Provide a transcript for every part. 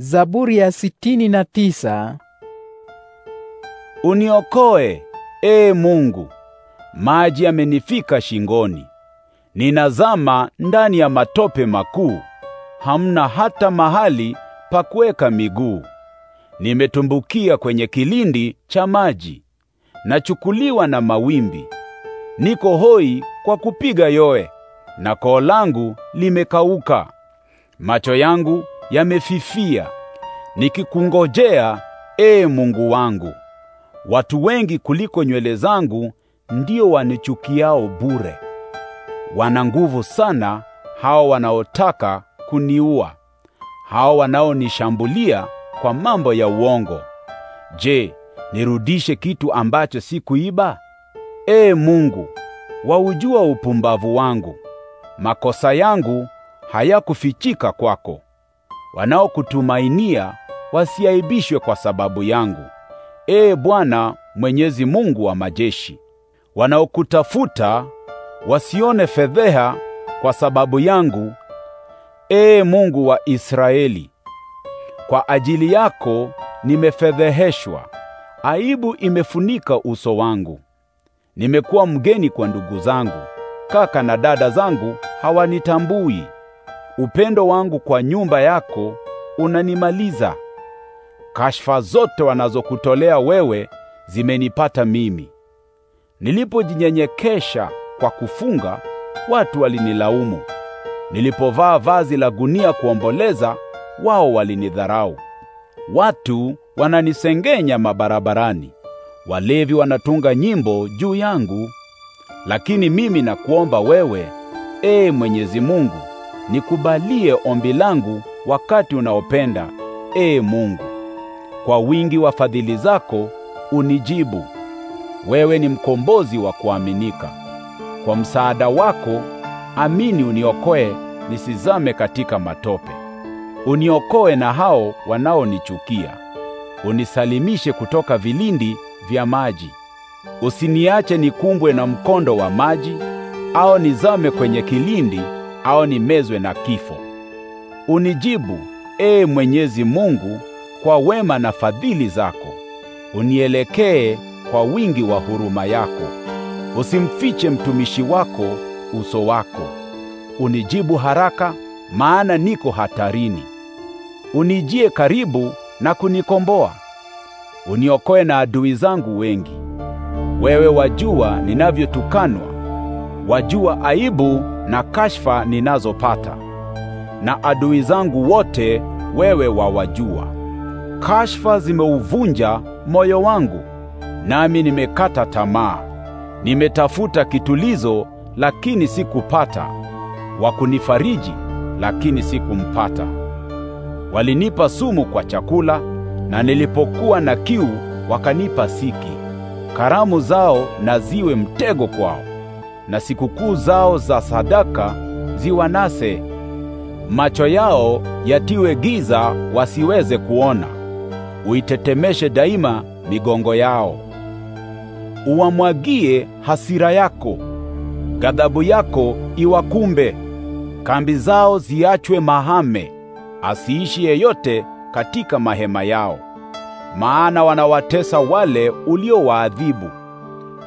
Zaburi ya sitini na tisa. Uniokoe, ee Mungu. Maji yamenifika shingoni. Ninazama ndani ya matope makuu. Hamna hata mahali pa kuweka miguu. Nimetumbukia kwenye kilindi cha maji. Nachukuliwa na mawimbi. Niko hoi kwa kupiga yoe, na koo langu limekauka. Macho yangu yamefifia, nikikungojea, ee Mungu wangu. Watu wengi kuliko nywele zangu ndio wanichukiao bure. Wana nguvu sana hao wanaotaka kuniua, hao wanaonishambulia kwa mambo ya uongo. Je, nirudishe kitu ambacho sikuiba? Ee Mungu, waujua upumbavu wangu. Makosa yangu hayakufichika kwako wanaokutumainia wasiaibishwe kwa sababu yangu, Ee Bwana Mwenyezi Mungu wa majeshi. Wanaokutafuta wasione fedheha kwa sababu yangu, Ee Mungu wa Israeli. Kwa ajili yako nimefedheheshwa, aibu imefunika uso wangu. Nimekuwa mgeni kwa ndugu zangu, kaka na dada zangu hawanitambui. Upendo wangu kwa nyumba yako unanimaliza. Kashfa zote wanazokutolea wewe zimenipata mimi. Nilipojinyenyekesha kwa kufunga, watu walinilaumu. Nilipovaa vazi la gunia kuomboleza, wao walinidharau. Watu wananisengenya mabarabarani, walevi wanatunga nyimbo juu yangu. Lakini mimi nakuomba wewe, ee Mwenyezi Mungu, nikubalie ombi langu wakati unaopenda, Ee Mungu. Kwa wingi wa fadhili zako unijibu. Wewe ni mkombozi wa kuaminika. Kwa msaada wako amini uniokoe nisizame katika matope. Uniokoe na hao wanaonichukia. Unisalimishe kutoka vilindi vya maji. Usiniache nikumbwe na mkondo wa maji au nizame kwenye kilindi au nimezwe na kifo. Unijibu, Ee Mwenyezi Mungu, kwa wema na fadhili zako. Unielekee kwa wingi wa huruma yako. Usimfiche mtumishi wako uso wako. Unijibu haraka, maana niko hatarini. Unijie karibu na kunikomboa. Uniokoe na adui zangu wengi. Wewe wajua ninavyotukanwa, wajua aibu na kashfa ninazopata, na adui zangu wote wewe wawajua. Kashfa zimeuvunja moyo wangu, nami nimekata tamaa. Nimetafuta kitulizo, lakini sikupata, wa kunifariji, lakini sikumpata. Walinipa sumu kwa chakula, na nilipokuwa na kiu wakanipa siki. Karamu zao na ziwe mtego kwao na sikukuu zao za sadaka ziwanase, macho yao yatiwe giza wasiweze kuona, uitetemeshe daima migongo yao. Uwamwagie hasira yako, ghadhabu yako iwakumbe, kambi zao ziachwe mahame, asiishi yeyote katika mahema yao. Maana wanawatesa wale uliowaadhibu,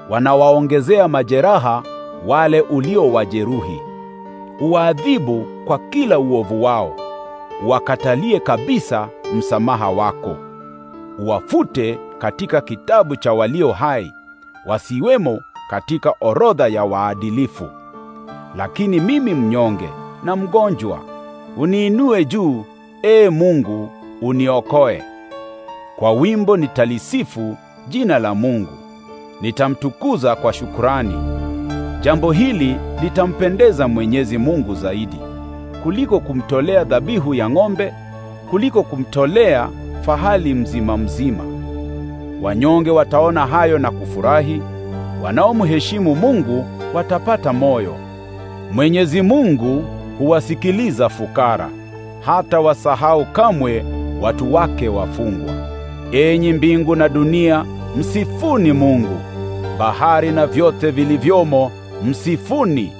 wanawaongezea majeraha wale uliowajeruhi. Uwaadhibu kwa kila uovu wao, wakatalie kabisa msamaha wako. Uwafute katika kitabu cha walio hai, wasiwemo katika orodha ya waadilifu. Lakini mimi mnyonge na mgonjwa, uniinue juu, ee Mungu, uniokoe. Kwa wimbo nitalisifu jina la Mungu, nitamtukuza kwa shukurani. Jambo hili litampendeza Mwenyezi Mungu zaidi kuliko kumtolea dhabihu ya ng'ombe, kuliko kumtolea fahali mzima mzima. Wanyonge wataona hayo na kufurahi, wanaomheshimu Mungu watapata moyo. Mwenyezi Mungu huwasikiliza fukara, hata wasahau kamwe watu wake wafungwa. Enyi mbingu na dunia, msifuni Mungu. Bahari na vyote vilivyomo msifuni,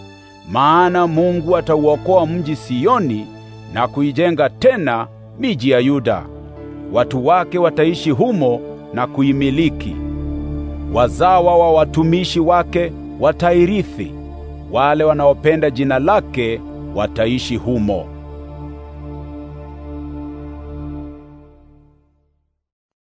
maana Mungu atauokoa mji Sioni na kuijenga tena miji ya Yuda. Watu wake wataishi humo na kuimiliki. Wazawa wa watumishi wake watairithi, wale wanaopenda jina lake wataishi humo.